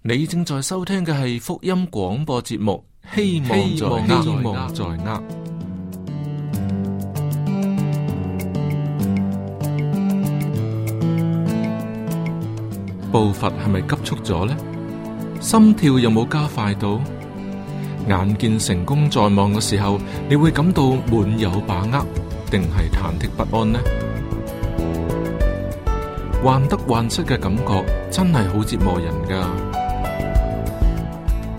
你正在收聽嘅係福音廣播節目，希望希望在握。步伐係咪急促咗呢？心跳有冇加快到？眼見成功在望嘅時候，你會感到滿有把握，定係忐忑不安呢？患得患失嘅感覺真係好折磨人噶。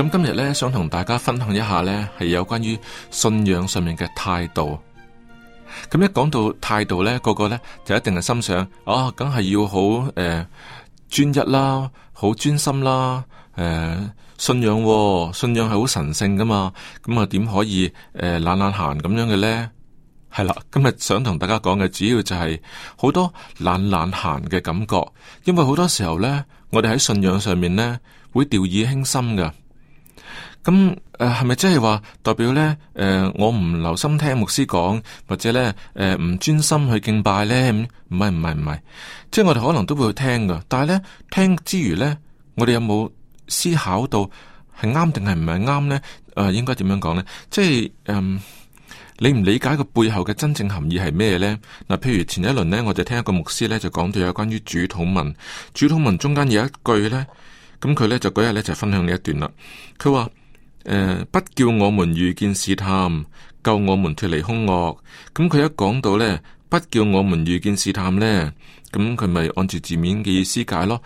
咁今日呢，想同大家分享一下呢，係有關於信仰上面嘅態度。咁一講到態度呢，個個呢就一定係心想啊，梗係要好誒專一啦，好專心啦，誒信仰信仰係好神聖噶嘛，咁啊點可以誒懶懶閒咁樣嘅呢？係啦，今日想同大家講嘅主要就係好多懶懶閒嘅感覺，因為好多時候呢，我哋喺信仰上面呢會掉以輕心噶。咁誒，係咪即係話代表咧？誒、呃，我唔留心聽牧師講，或者咧誒，呃、唔專心去敬拜咧？唔係唔係唔係，即係我哋可能都會去聽噶。但係咧，聽之餘咧，我哋有冇思考到係啱定係唔係啱咧？誒、呃，應該點樣講咧？即係誒、呃，你唔理解個背後嘅真正含義係咩咧？嗱、呃，譬如前一輪咧，我就聽一個牧師咧就講到有關於主禱文，主禱文中間有一句咧，咁佢咧就嗰日咧就分享呢一段啦。佢話。誒、呃，不叫我們遇見試探，救我們脫離凶惡。咁、嗯、佢一講到咧，不叫我們遇見試探咧，咁佢咪按住字面嘅意思解咯，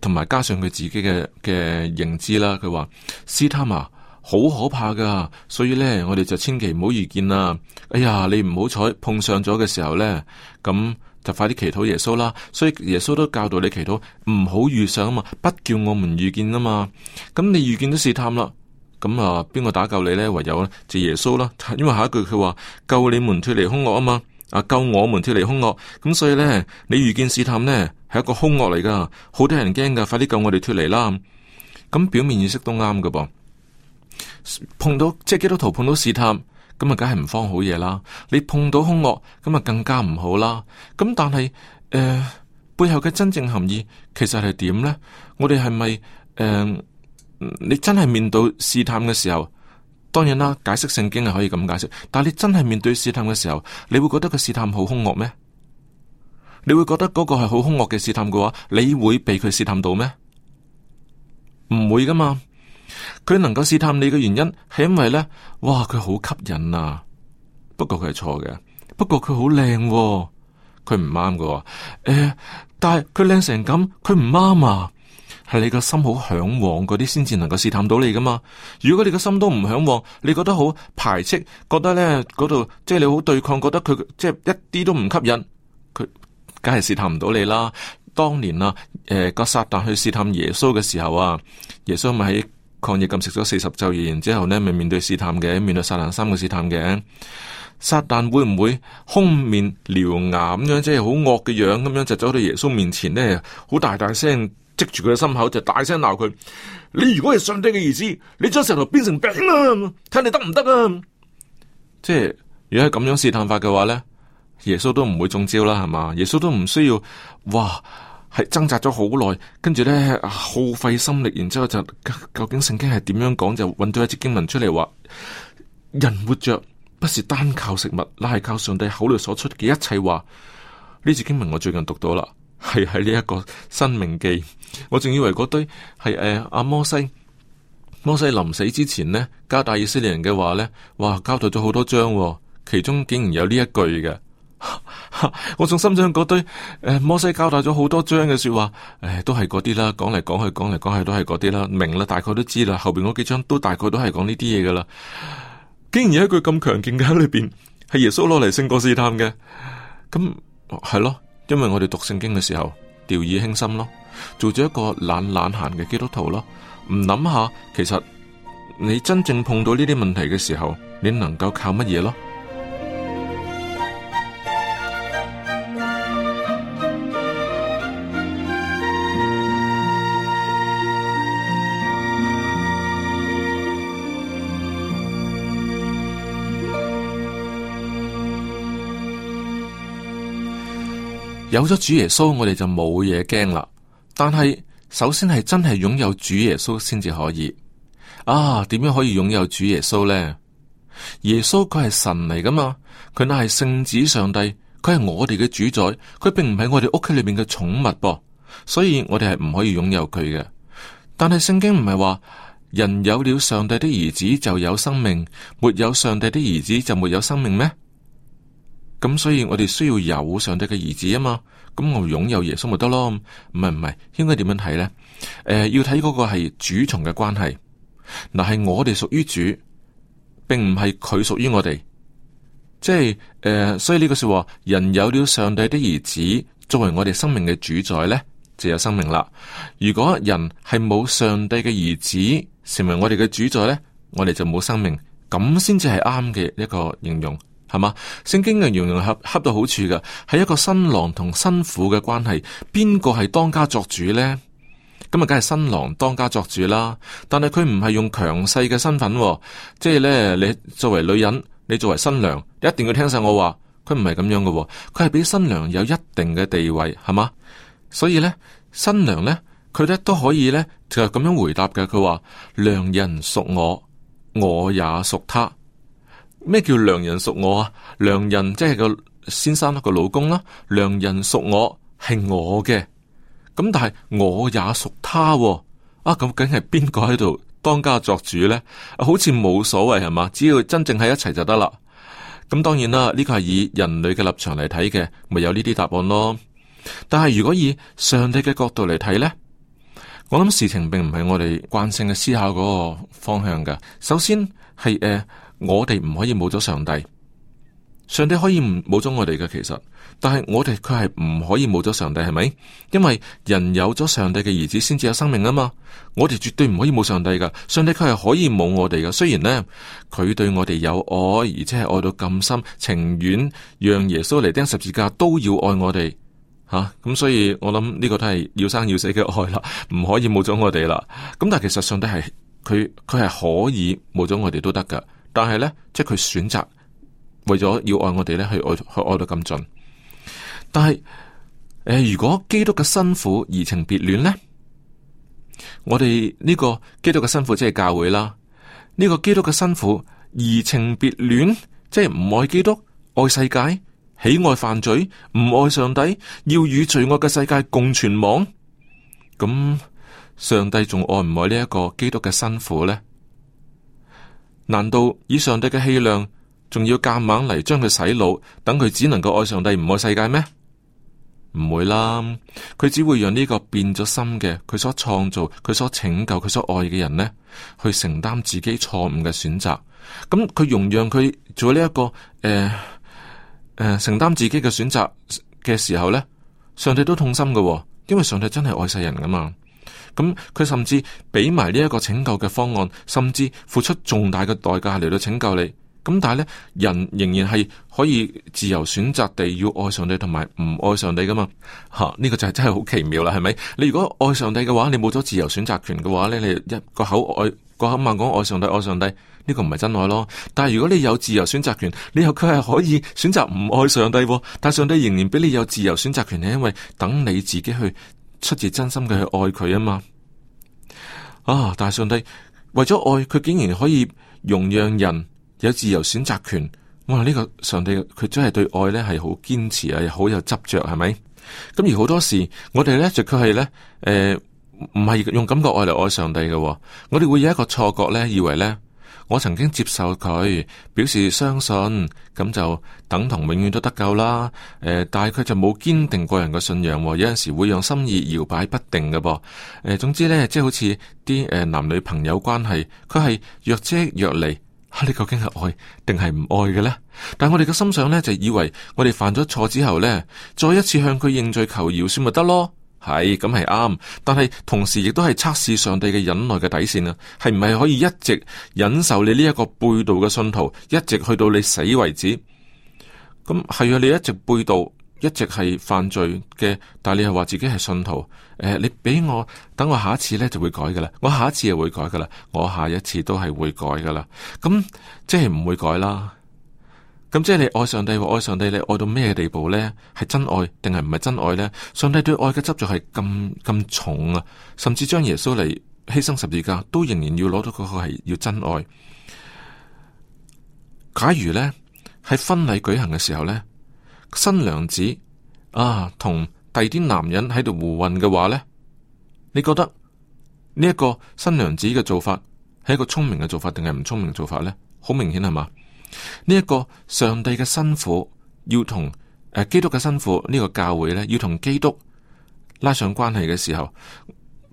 同埋加上佢自己嘅嘅認知啦。佢話試探啊，好可怕噶，所以咧我哋就千祈唔好遇見啦。哎呀，你唔好彩碰上咗嘅時候咧，咁、嗯、就快啲祈禱耶穌啦。所以耶穌都教導你祈禱，唔好遇上啊嘛，不叫我們遇見啊嘛。咁、嗯、你遇見咗試探啦。咁啊，邊個、嗯、打救你呢？唯有呢，就耶穌啦。因為下一句佢話救你們脱離凶惡啊嘛。啊，救我們脱離凶惡。咁、嗯、所以呢，你遇見試探呢係一個凶惡嚟噶，好多人驚噶，快啲救我哋脱離啦。咁、嗯、表面意思都啱噶噃。碰到即係基督徒碰到試探，咁啊，梗係唔慌好嘢啦。你碰到凶惡，咁啊，更加唔好啦。咁但係誒、呃，背後嘅真正含義其實係點呢？我哋係咪誒？呃你真係面對試探嘅時候，當然啦，解釋聖經係可以咁解釋。但係你真係面對試探嘅時候，你會覺得個試探好兇惡咩？你會覺得嗰個係好兇惡嘅試探嘅話，你會畀佢試探到咩？唔會噶嘛。佢能夠試探你嘅原因，係因為咧，哇，佢好吸引啊。不過佢係錯嘅，不過佢好靚，佢唔啱噶。誒、哎，但係佢靚成咁，佢唔啱啊。係你個心好向往嗰啲，先至能夠試探到你㗎嘛。如果你個心都唔向往，你覺得好排斥，覺得咧嗰度即係你好對抗，覺得佢即係一啲都唔吸引，佢梗係試探唔到你啦。當年啊，誒、呃、個撒旦去試探耶穌嘅時候啊，耶穌咪喺曠野禁食咗四十晝夜，然之後呢咪面對試探嘅，面對撒旦三個試探嘅。撒旦會唔會凶面獠牙咁樣，即係好惡嘅樣咁樣就走到耶穌面前咧，好大大聲。積住佢嘅心口，就大聲鬧佢：你如果係上帝嘅意思，你將石頭變成餅啊，睇你得唔得啊？即係如果係咁樣試探法嘅話咧，耶穌都唔會中招啦，係嘛？耶穌都唔需要哇，係掙扎咗好耐，跟住咧耗費心力，然之後就究竟聖經係點樣講？就揾到一節經文出嚟話：人活着不是單靠食物，乃係靠上帝口裏所出嘅一切話。呢節經文我最近讀到啦。係喺呢一個申命記，我仲以為嗰堆係誒阿摩西，摩西臨死之前呢，交代以色列人嘅話呢，哇交代咗好多章、哦，其中竟然有呢一句嘅， 我仲心想嗰堆誒摩西交代咗好多章嘅說話，誒、哎、都係嗰啲啦，講嚟講去，講嚟講去都係嗰啲啦，明啦，大概都知啦，後邊嗰幾章都大概都係講呢啲嘢噶啦，竟然有一句咁強勁嘅喺裏邊，係耶穌攞嚟勝過試探嘅，咁係咯。嗯。因為我哋讀聖經嘅時候，掉以輕心咯，做咗一個懶懶閒嘅基督徒咯，唔諗下，其實你真正碰到呢啲問題嘅時候，你能夠靠乜嘢咯？有咗主耶穌，我哋就冇嘢驚啦。但係首先係真係擁有主耶穌先至可以。啊，點樣可以擁有主耶穌咧？耶穌佢係神嚟噶嘛，佢乃係聖子上帝，佢係我哋嘅主宰，佢並唔係我哋屋企裏邊嘅寵物噃。所以我哋係唔可以擁有佢嘅。但係聖經唔係話人有了上帝的兒子就有生命，沒有上帝的兒子就沒有生命咩？咁、嗯、所以，我哋需要有上帝嘅兒子啊嘛，咁、嗯、我擁有耶穌咪得咯？唔係唔係，應該點樣睇呢？誒、呃，要睇嗰個係主從嘅關係，嗱係我哋屬於主，並唔係佢屬於我哋，即係誒、呃，所以呢個說話，人有了上帝的兒子作為我哋生命嘅主宰呢，就有生命啦。如果人係冇上帝嘅兒子成為我哋嘅主宰呢，我哋就冇生命，咁先至係啱嘅一個形容。係嘛？聖經嘅形容恰恰到好處噶，係一個新郎同新婦嘅關係，邊個係當家作主呢？咁啊，梗係新郎當家作主啦。但係佢唔係用強勢嘅身份、哦，即係呢，你作為女人，你作為新娘，一定要聽晒我話。佢唔係咁樣嘅、哦，佢係俾新娘有一定嘅地位，係嘛？所以呢，新娘呢，佢咧都可以呢，就係咁樣回答嘅。佢話：良人屬我，我也屬他。咩叫良人屬我啊？良人即係個先生啦，個老公啦。良人屬我係我嘅，咁但係我也屬他，哦。啊，究竟係邊個喺度當家作主呢？好似冇所謂係嘛，只要真正喺一齊就得啦。咁當然啦，呢個係以人類嘅立場嚟睇嘅，咪有呢啲答案咯。但係如果以上帝嘅角度嚟睇呢，我諗事情並唔係我哋慣性嘅思考嗰個方向嘅。首先係誒。呃我哋唔可以冇咗上帝，上帝可以唔冇咗我哋嘅，其實，但係我哋佢係唔可以冇咗上帝，係咪？因為人有咗上帝嘅兒子先至有生命啊嘛。我哋絕對唔可以冇上帝噶，上帝佢係可以冇我哋噶。雖然呢，佢對我哋有愛，而且係愛到咁深，情願讓耶穌嚟釘十字架，都要愛我哋吓。咁、啊、所以我諗呢個都係要生要死嘅愛啦，唔可以冇咗我哋啦。咁但係其實上帝係佢佢係可以冇咗我哋都得噶。但係呢，即係佢選擇為咗要愛我哋呢，去愛去愛到咁盡。但係，呃，如果基督嘅新婦移情別戀呢？我哋呢個基督嘅新婦即係教會啦。呢個基督嘅新婦移情別戀，即係唔愛基督，愛世界，喜愛犯罪，唔愛上帝，要與罪惡嘅世界共存亡。咁上帝仲愛唔愛呢一個基督嘅新婦呢？難道以上帝嘅氣量，仲要夾硬嚟，將佢洗腦，等佢只能夠愛上帝唔愛世界咩？唔會啦，佢只會讓呢個變咗心嘅、佢所創造、佢所拯救、佢所愛嘅人呢，去承擔自己錯誤嘅選擇。咁佢容讓佢做呢、這、一個，誒、呃、誒、呃，承擔自己嘅選擇嘅時候呢，上帝都痛心嘅，哦，因為上帝真係愛世人噶嘛。咁佢甚至俾埋呢一個拯救嘅方案，甚至付出重大嘅代價嚟到拯救你。咁但係呢人仍然係可以自由選擇地要愛上帝同埋唔愛上帝噶嘛吓？呢、這個就係真係好奇妙啦，係咪？你如果愛上帝嘅話，你冇咗自由選擇權嘅話呢，你一個口愛，個口猛講愛上帝，愛上帝呢、這個唔係真愛咯。但係如果你有自由選擇權，你又佢係可以選擇唔愛上帝、啊，但上帝仍然俾你有自由選擇權，係因為等你自己去。出自真心嘅去愛佢啊嘛，啊！但係上帝為咗愛佢，竟然可以容讓人有自由選擇權。哇！呢、呢個上帝佢真係對愛咧係好堅持啊，好有執着，係咪？咁而好多時我哋咧就佢係咧誒，唔係、呃、用感覺愛嚟愛上帝嘅，我哋會有一個錯覺咧，以為咧。我曾經接受佢，表示相信咁就等同永遠都得救啦。誒、呃，但係佢就冇堅定個人嘅信仰，有陣時會讓心意搖擺不定嘅。噃。誒，總之咧，即、就、係、是、好似啲誒男女朋友關係，佢係若即若離。吓、啊，你究竟係愛定係唔愛嘅咧？但係我哋嘅心想咧，就以為我哋犯咗錯之後咧，再一次向佢認罪求饒算咪得咯？係咁係啱，但係同時亦都係測試上帝嘅忍耐嘅底線啦、啊，係唔係可以一直忍受你呢一個背道嘅信徒，一直去到你死為止？咁、嗯、係啊，你一直背道，一直係犯罪嘅，但係你係話自己係信徒，誒、呃，你俾我等我下一次咧就會改噶啦，我下一次就會改噶啦，我下一次都係會改噶啦，咁、嗯、即係唔會改啦。咁、嗯、即係你愛上帝或愛上帝，你愛到咩地步呢？係真愛定係唔係真愛呢？上帝對愛嘅執着係咁咁重啊，甚至將耶穌嚟犧牲十字架，都仍然要攞到嗰個係要真愛。假如呢，喺婚禮舉行嘅時候呢，新娘子啊同第二啲男人喺度胡混嘅話呢，你覺得呢一個新娘子嘅做法係一個聰明嘅做法定係唔聰明做法呢？好明顯係嘛？呢一個上帝嘅辛苦，要同誒、呃、基督嘅辛苦呢個教會呢，要同基督拉上關係嘅時候，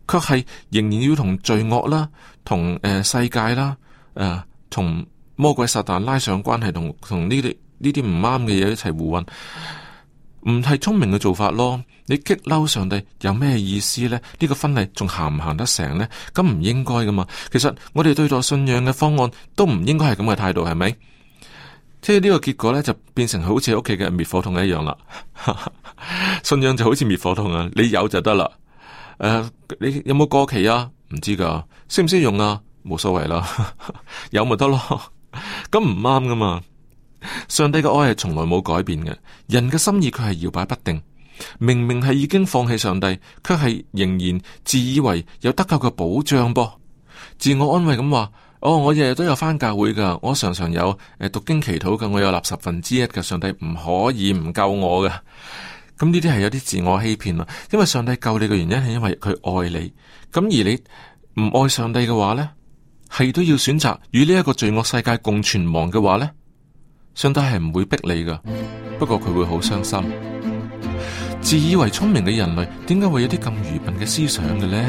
卻係仍然要同罪惡啦，同誒、呃、世界啦，誒、呃、同魔鬼撒旦拉上關係，同同呢啲呢啲唔啱嘅嘢一齊互混，唔係聰明嘅做法咯。你激嬲上帝有咩意思呢？呢、這個婚禮仲行唔行得成呢？咁唔應該噶嘛。其實我哋對待信仰嘅方案都唔應該係咁嘅態度，係咪？即係呢個結果咧，就變成好似屋企嘅滅火筒一樣啦。 信仰就好似滅火筒啊，你有就得啦。誒、呃，你有冇過期啊？唔知噶，識唔識用啊？冇所謂啦， 有咪得咯。咁唔啱噶嘛。上帝嘅愛係從來冇改變嘅，人嘅心意佢係搖擺不定。明明係已經放棄上帝，卻係仍然自以為有得救嘅保障，噃自我安慰咁話。哦，我日日都有返教會噶，我常常有誒讀經祈禱噶，我有立十分之一噶，上帝唔可以唔救我噶。咁呢啲係有啲自我欺騙啊，因為上帝救你嘅原因係因為佢愛你，咁而你唔愛上帝嘅話呢，係都要選擇與呢一個罪惡世界共存亡嘅話呢，上帝係唔會逼你噶，不過佢會好傷心。自以為聰明嘅人類，點解會有啲咁愚笨嘅思想嘅咧？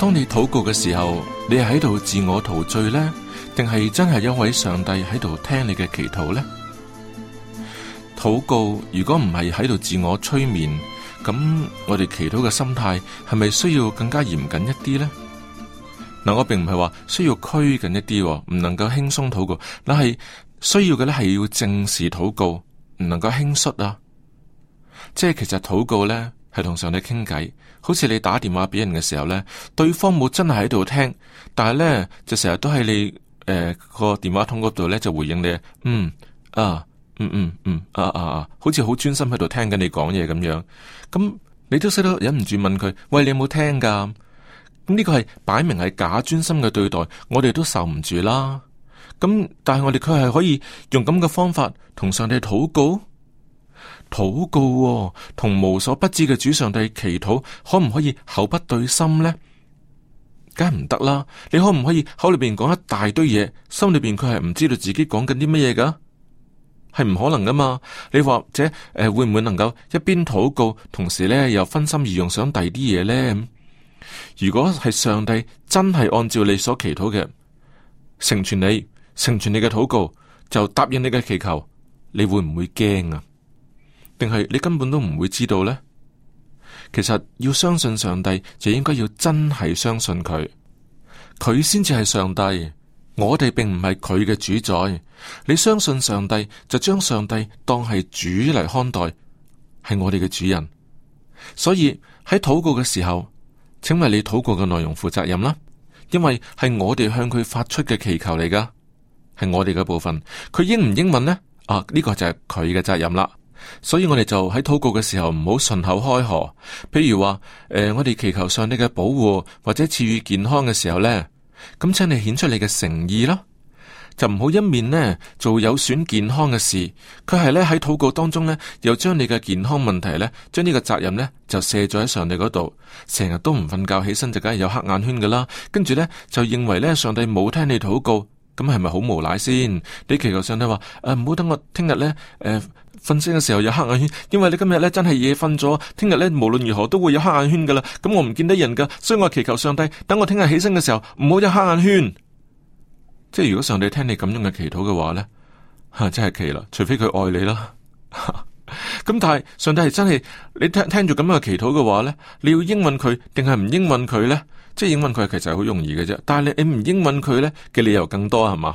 當你禱告嘅時候，你係喺度自我陶醉呢？定係真係因為上帝喺度聽你嘅祈禱呢？禱告如果唔係喺度自我催眠，咁我哋祈禱嘅心態係咪需要更加嚴謹一啲呢？嗱，我並唔係話需要拘謹一啲，唔能夠輕鬆禱告，但係需要嘅咧係要正視禱告，唔能夠輕率啊！即係其實禱告咧。係同上帝傾偈，好似你打電話俾人嘅時候咧，對方冇真係喺度聽，但係咧就成日都喺你誒、呃那個電話筒嗰度咧就回應你，嗯啊，嗯嗯嗯啊啊啊，好似好專心喺度聽緊你講嘢咁樣。咁你都識得忍唔住問佢，喂，你有冇聽噶？咁呢個係擺明係假專心嘅對待，我哋都受唔住啦。咁但係我哋佢係可以用咁嘅方法同上帝禱告。禱告、哦、同無所不知嘅主上帝祈禱，可唔可以口不對心呢？梗係唔得啦。你可唔可以口裏邊講一大堆嘢，心裏邊佢係唔知道自己講緊啲乜嘢噶？係唔可能噶嘛？你或者係誒、呃，會唔會能夠一邊禱告，同時呢又分心而用想第二啲嘢呢？如果係上帝真係按照你所祈禱嘅成全你，成全你嘅禱告，就答應你嘅祈求，你會唔會驚啊？定係你根本都唔會知道呢？其實要相信上帝，就應該要真係相信佢，佢先至係上帝。我哋並唔係佢嘅主宰。你相信上帝，就將上帝當係主嚟看待，係我哋嘅主人。所以喺禱告嘅時候，請為你禱告嘅內容負責任啦，因為係我哋向佢發出嘅祈求嚟噶，係我哋嘅部分。佢應唔應允呢？啊，呢個就係佢嘅責任啦。所以我哋就喺禱告嘅時候唔好順口開河，譬如話，誒、呃，我哋祈求上帝嘅保護或者賜予健康嘅時候呢，咁請你顯出你嘅誠意咯，就唔好一面呢做有損健康嘅事，佢係呢喺禱告當中呢，又將你嘅健康問題呢，將呢個責任呢，就卸咗喺上帝嗰度，成日都唔瞓覺，起身就梗係有黑眼圈噶啦，跟住呢，就認為呢，上帝冇聽你禱告，咁係咪好無賴先？你祈求上帝話，誒、呃，唔好等我聽日呢。呃，誒、呃。瞓醒嘅時候有黑眼圈，因為你今日咧真係夜瞓咗，聽日咧無論如何都會有黑眼圈噶啦。咁我唔見得人噶，所以我祈求上帝，等我聽日起身嘅時候唔好有黑眼圈。即係如果上帝聽你咁樣嘅祈禱嘅話咧，吓、啊、真係奇啦，除非佢愛你啦。咁 但係上帝係真係你聽聽住咁樣嘅祈禱嘅話咧，你要應允佢定係唔應允佢咧？即係應允佢其實係好容易嘅啫，但係你你唔應允佢咧嘅理由更多係嘛？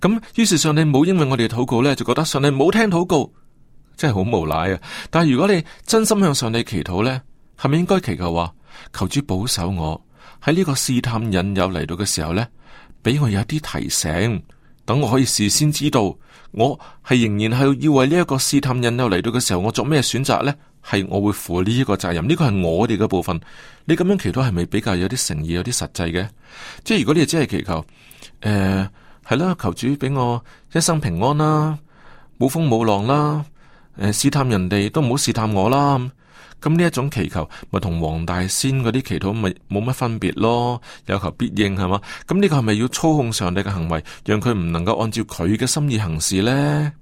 咁於是上帝冇應允我哋嘅禱告呢，就覺得上帝冇聽禱告，真係好無奈啊！但係如果你真心向上帝祈禱呢，係咪應該祈求話，求主保守我喺呢個試探引誘嚟到嘅時候呢，俾我有一啲提醒，等我可以事先知道，我係仍然係要為呢一個試探引誘嚟到嘅時候，我做咩選擇呢？係我會負呢一個責任，呢個係我哋嘅部分。你咁樣祈禱係咪比較有啲誠意、有啲實際嘅？即係如果你只係祈求，誒、呃。係啦，求主俾我一生平安啦，冇風冇浪啦。誒，試探人哋都唔好試探我啦。咁呢一種祈求，咪同黃大仙嗰啲祈禱咪冇乜分別咯？有求必應係嘛？咁呢、嗯這個係咪要操控上帝嘅行為，讓佢唔能夠按照佢嘅心意行事呢？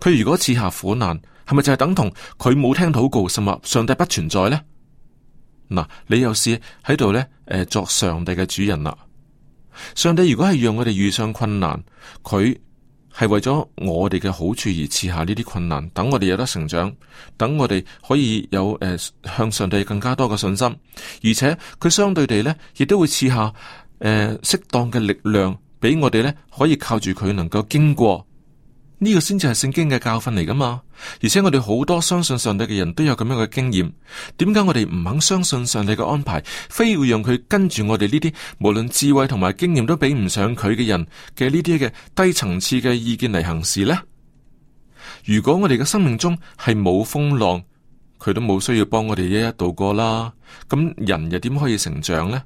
佢如果賜下苦難，係咪就係等同佢冇聽禱告，甚或上帝不存在呢？嗱，你又是喺度呢，誒、呃，作上帝嘅主人啦、啊。上帝如果係讓我哋遇上困難，佢係為咗我哋嘅好處而賜下呢啲困難，等我哋有得成長，等我哋可以有誒、呃、向上帝更加多嘅信心，而且佢相對地咧，亦都會賜下誒呃、適當嘅力量俾我哋咧，可以靠住佢能夠經過。呢個先至係聖經嘅教訓嚟噶嘛？而且我哋好多相信上帝嘅人都有咁樣嘅經驗。點解我哋唔肯相信上帝嘅安排，非要讓佢跟住我哋呢啲無論智慧同埋經驗都比唔上佢嘅人嘅呢啲嘅低層次嘅意見嚟行事呢？如果我哋嘅生命中係冇風浪，佢都冇需要幫我哋一一度過啦。咁人又點可以成長呢？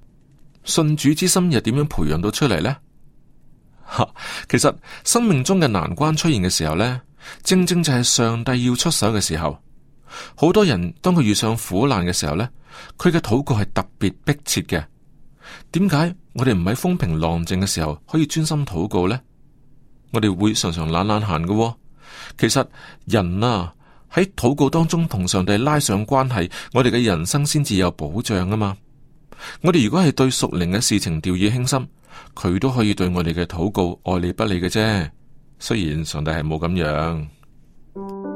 信主之心又點樣培養到出嚟呢？哈，其實生命中嘅難關出現嘅時候呢，正正就係上帝要出手嘅時候。好多人當佢遇上苦難嘅時候呢，佢嘅禱告係特別迫切嘅。點解我哋唔喺風平浪靜嘅時候可以專心禱告呢？我哋會常常懶懶閒嘅喎。其實人啊喺禱告當中同上帝拉上關係，我哋嘅人生先至有保障啊嘛。我哋如果係對屬靈嘅事情掉以輕心。佢都可以對我哋嘅禱告愛理不理嘅啫，雖然上帝係冇咁樣。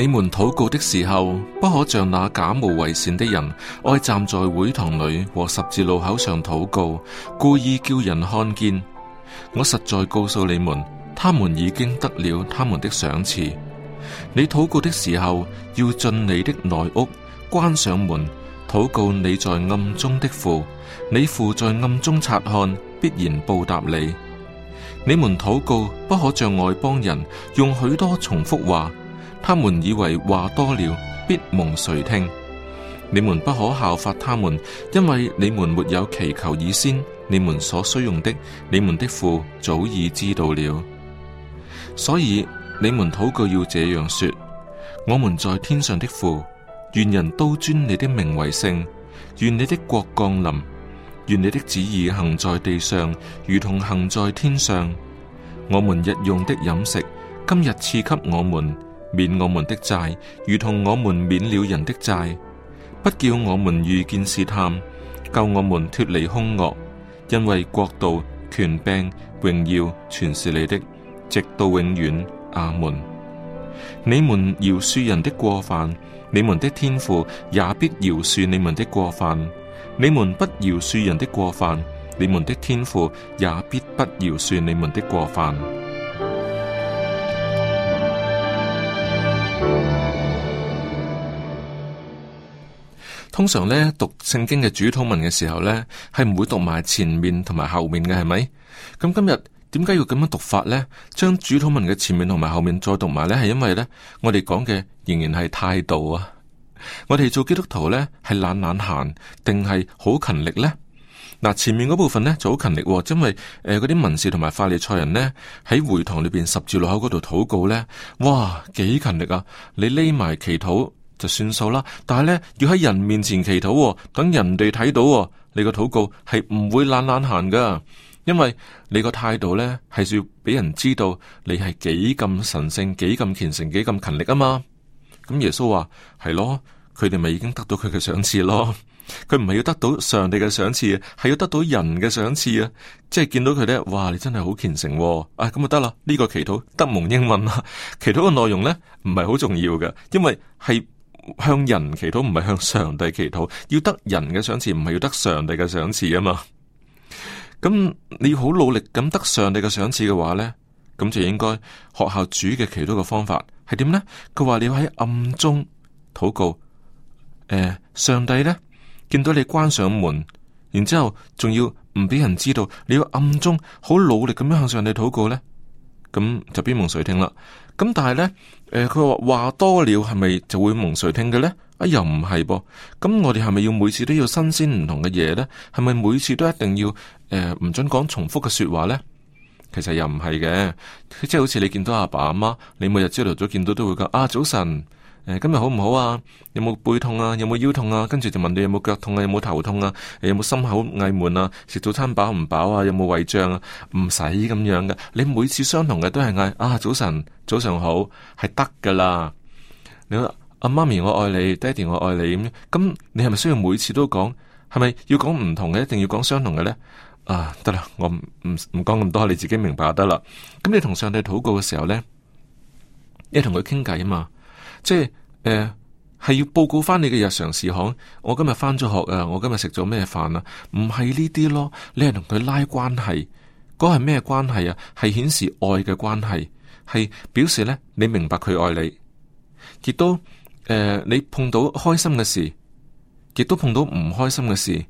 你們禱告的時候，不可像那假冒為善的人，愛站在會堂裏和十字路口上禱告，故意叫人看見。我實在告訴你們，他們已經得了他們的賞賜。你禱告的時候，要進你的內屋，關上門，禱告你在暗中的父。你父在暗中察看，必然報答你。你們禱告不可像外邦人，用許多重複話。他們以為話多了必蒙垂聽？你們不可效法他們，因為你們沒有祈求以先，你們所需用的，你們的父早已知道了。所以你們禱告要這樣說：我們在天上的父，願人都尊你的名為聖。願你的國降臨。願你的旨意行在地上，如同行在天上。我們日用的飲食，今日賜給我們。免我們的債，如同我們免了人的債；不叫我們遇見試探，救我們脫離兇惡。因為國度、權柄、榮耀，全是你的，直到永遠。阿門。你們饒恕人的過犯，你們的天父也必饒恕你們的過犯；你們不饒恕人的過犯，你們的天父也必不饒恕你們的過犯。通常咧讀聖經嘅主禱文嘅時候咧，係唔會讀埋前面同埋後面嘅，係咪？咁今日點解要咁樣讀法咧？將主禱文嘅前面同埋後面再讀埋咧，係因為咧，我哋講嘅仍然係態度啊！我哋做基督徒咧係懶懶閒定係好勤力咧？嗱，前面嗰部分咧就好勤力，啊，因為，誒嗰啲文士同埋法利賽人咧喺會堂裏邊十字路口嗰度禱告咧，哇，幾勤力啊！你匿埋祈禱，就算數啦，但係咧要喺人面前祈禱、哦，等人哋睇到、哦、你個禱告係唔會懶懶閒噶，因為你個態度咧係要俾人知道你係幾咁神聖、幾咁虔誠、幾咁勤力啊嘛。咁耶穌話係咯，佢哋咪已經得到佢嘅賞賜咯。佢唔係要得到上帝嘅賞賜，係要得到人嘅賞賜啊。即係見到佢咧，哇，你真係好虔誠、哦、啊，咁啊得啦，呢、這個祈禱得蒙應允啦。 祈禱嘅內容咧唔係好重要噶，因為係。向人祈禱唔係向上帝祈禱，要得人嘅賞賜，唔係要得上帝嘅賞賜啊嘛。咁 你要好努力咁得上帝嘅賞賜嘅話呢，咁就應該學校主嘅祈禱嘅方法係點呢？佢話你要喺暗中禱告，誒、呃，上帝呢見到你關上門，然之後仲要唔俾人知道，你要暗中好努力咁樣向上帝禱告呢，咁就邊門水聽啦。咁、嗯、但係咧，誒、呃，佢話話多了係咪就會蒙誰聽嘅咧？啊、哎，又唔係噃。咁我哋係咪要每次都要新鮮唔同嘅嘢咧？係咪每次都一定要誒唔、呃、準講重複嘅說話咧？其實又唔係嘅，即係好似你見到阿爸阿媽，你每日朝頭早見到都會講，啊，早晨。誒，今日好唔好啊？有冇背痛啊？有冇腰痛啊？跟住就問你有冇腳痛啊？有冇頭痛啊？有冇心口翳悶啊？食早餐飽唔飽啊？有冇胃脹啊？唔使咁樣嘅，你每次相同嘅都係嗌啊，早晨，早上好係得噶啦。你話阿媽、啊、咪我愛你，爹哋我愛你咁，咁你係咪需要每次都講？係咪要講唔同嘅？一定要講相同嘅咧？啊，得啦，我唔唔唔講咁多，你自己明白就得啦。咁你同上帝禱告嘅時候咧，你同佢傾偈啊嘛。即係誒，係、呃、要報告翻你嘅日常事項。我今日翻咗學啊，我今日食咗咩飯啊？唔係呢啲咯，你係同佢拉關係。嗰係咩關係啊？係顯示愛嘅關係，係表示呢，你明白佢愛你。亦都誒、呃，你碰到開心嘅事，亦都碰到唔開心嘅事。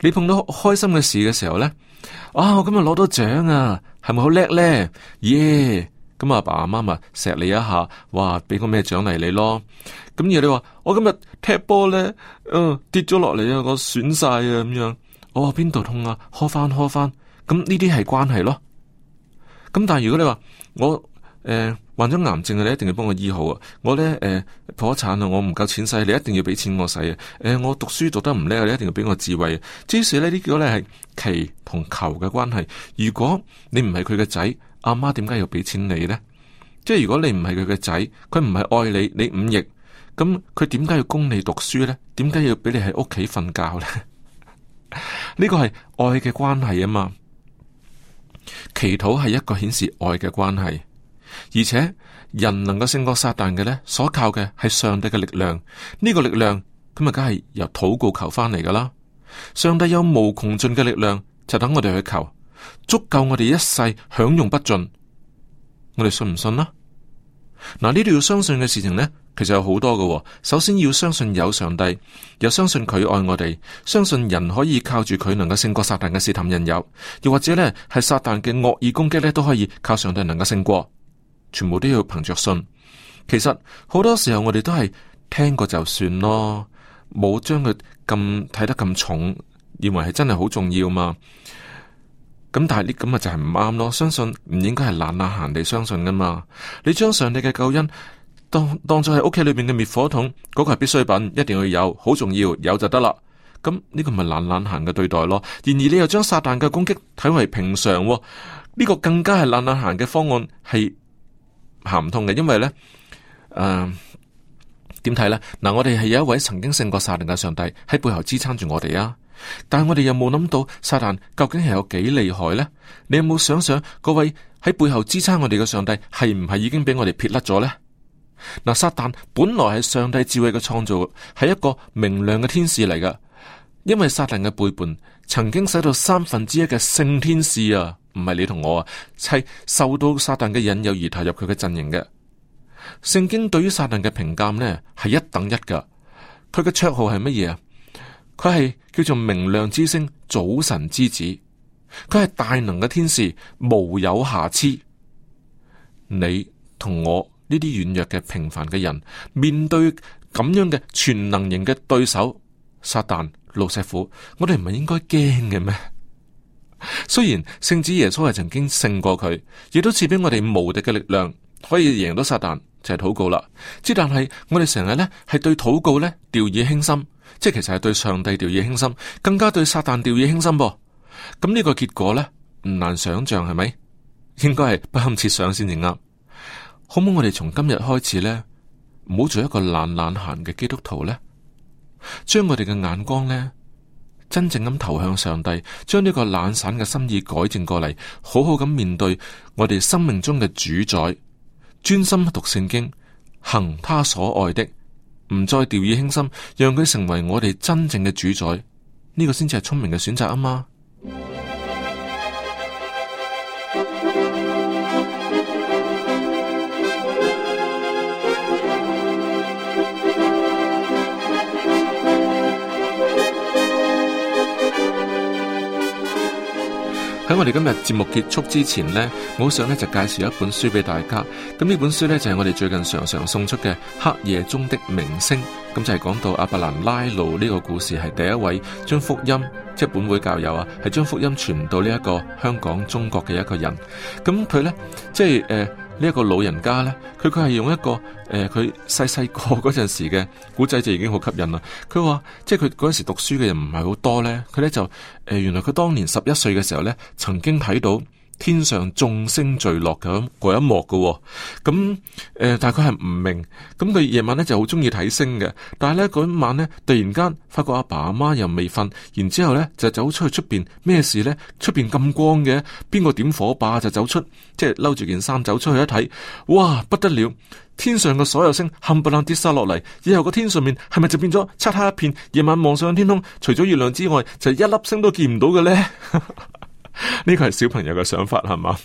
你碰到開心嘅事嘅時候呢，啊，我今日攞到獎啊，係咪好叻呢？耶、yeah!！咁阿、嗯、爸阿媽咪錫你一下，哇！俾個咩獎勵你咯？咁、嗯、而你話我今日踢波咧，嗯跌咗落嚟啊，我損晒啊咁樣。我話邊度痛啊？呵翻呵翻。咁呢啲係關係咯。咁但係如果你話我誒、呃、患咗癌症啊，你一定要幫我醫好啊。我咧誒破產啦，我唔夠錢使，你一定要俾錢我使啊。誒、呃、我讀書讀得唔叻，你一定要俾我智慧、啊。即使呢啲叫咧係祈同求嘅關係。如果你唔係佢嘅仔。阿媽點解要俾錢你呢？即係如果你唔係佢嘅仔，佢唔係愛你，你五億，咁佢點解要供你讀書呢？點解要俾你喺屋企瞓覺呢？呢個係愛嘅關係啊嘛！祈禱係一個顯示愛嘅關係，而且人能夠勝過撒旦嘅呢，所靠嘅係上帝嘅力量。呢個力量咁啊，梗係由禱告求翻嚟噶啦。上帝有無窮盡嘅力量，就等我哋去求。足夠我哋一世享用不盡，我哋信唔信呢？嗱，呢度要相信嘅事情呢，其實有好多嘅喎。首先要相信有上帝，又相信佢愛我哋，相信人可以靠住佢能夠勝過撒旦嘅試探引誘。有又或者呢，係撒旦嘅惡意攻擊呢，都可以靠上帝能夠勝過。全部都要憑着信。其實好多時候我哋都係聽過就算咯，冇將佢咁睇得咁重，認為係真係好重要嘛。咁但係呢，咁咪就係唔啱咯，相信唔應該係懶懶閒地相信噶嘛。你將上帝嘅救恩當當作係屋企裏邊嘅滅火筒，嗰個係必需品，一定要有，好重要，有就得啦。咁呢個咪懶懶閒嘅對待咯。然而你又將撒旦嘅攻擊睇為平常，呢個更加係懶懶閒嘅方案係行唔通嘅，因為咧，誒，點睇咧？嗱，我哋係有一位曾經勝過撒旦嘅上帝喺背後支撐住我哋啊。但係我哋又冇諗到，撒旦究竟係有幾厲害呢？你有冇想像，嗰位喺背後支撐我哋嘅上帝係唔係已經俾我哋撇甩咗呢？嗱，撒旦本來係上帝智慧嘅創造，係一個明亮嘅天使嚟噶。因為撒旦嘅背叛，曾經使到三分之一嘅聖天使啊，唔係你同我啊，係受到撒旦嘅引誘而踏入佢嘅陣營嘅。聖經對於撒旦嘅評價呢，係一等一噶，佢嘅綽號係乜嘢啊？佢係叫做明亮之星、早晨之子，佢係大能嘅天使，無有瑕疵。你同我呢啲軟弱嘅平凡嘅人，面對咁樣嘅全能型嘅對手撒旦、路石虎，我哋唔係應該驚嘅咩？雖然聖子耶穌係曾經勝過佢，亦都賜俾我哋無敵嘅力量，可以贏到撒旦，就係、是、禱告啦。之但係我哋成日呢係對禱告呢掉以輕心。即係其實係對上帝掉以輕心，更加對撒旦掉以輕心噃。咁呢個結果呢？唔難想象，係咪？應該係不堪設想先至啱。好唔好我哋從今日開始呢，唔好做一個懶懶閒嘅基督徒呢，將我哋嘅眼光呢，真正咁投向上帝，將呢個懶散嘅心意改正過嚟，好好咁面對我哋生命中嘅主宰，專心讀聖經，行他所愛的。唔再掉以輕心，讓佢成為我哋真正嘅主宰，呢個先至係聰明嘅選擇啊嘛！喺我哋今日節目結束之前呢，我好想呢就介紹一本書俾大家。咁呢本書呢，就係我哋最近常常送出嘅《黑夜中的明星》。咁就係講到阿伯蘭拉路呢個故事，係第一位將福音，即係本會教友啊，係將福音傳到呢一個香港中國嘅一個人。咁佢呢，即係誒。呃呢一個老人家咧，佢佢係用一個誒，佢細細個嗰陣時嘅古仔就已經好吸引啦。佢話，即係佢嗰陣時讀書嘅人唔係好多咧，佢咧就誒、呃、原來佢當年十一歲嘅時候咧，曾經睇到，天上眾星墜落嘅嗰一幕嘅、哦，咁誒、呃，但係佢係唔明，咁佢夜晚咧就好中意睇星嘅，但係咧嗰晚咧突然間發覺阿爸阿媽又未瞓，然之後咧就走出去出邊，咩事咧？出邊咁光嘅，邊個點火把就走出，即係褸住件衫走出去一睇，哇不得了！天上嘅所有星冚唪唥跌晒落嚟，以後個天上面係咪就變咗漆黑一片？夜晚望上天空，除咗月亮之外，就是、一粒星都見唔到嘅咧。 呢個係小朋友嘅想法係嘛？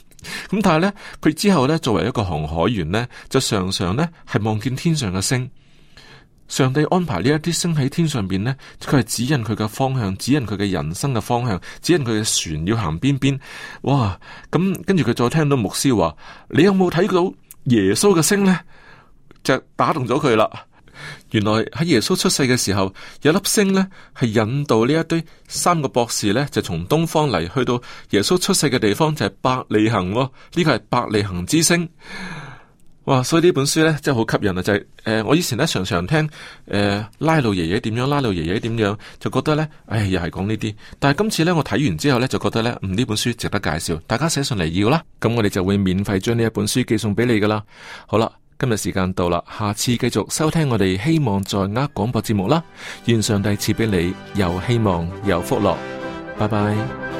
咁 但係呢，佢之後呢，作為一個航海員呢，就常常呢，係望見天上嘅星。上帝安排呢一啲星喺天上邊呢，佢係指引佢嘅方向，指引佢嘅人生嘅方向，指引佢嘅船要行邊邊。哇！咁跟住佢再聽到牧師話：「你有冇睇到耶穌嘅星呢？」就打動咗佢啦。原來喺耶穌出世嘅時候，有一粒星呢係引導呢一堆三個博士呢，就從東方嚟去到耶穌出世嘅地方就係、是、伯利恆喎、哦、呢、這個係伯利恆之星。哇！所以呢本書呢，真係好吸引啊！就係、是、誒、呃，我以前呢，常常聽誒、呃、拉魯爺爺點樣，拉魯爺爺點樣，就覺得呢，唉、哎，又係講呢啲。但係今次呢，我睇完之後呢，就覺得呢，嗯，呢本書值得介紹，大家寫信嚟要啦，咁我哋就會免費將呢一本書寄送俾你噶啦。好啦。今日時間到啦，下次繼續收聽我哋希望在握廣播節目啦，願上帝賜俾你又希望又福樂，拜拜。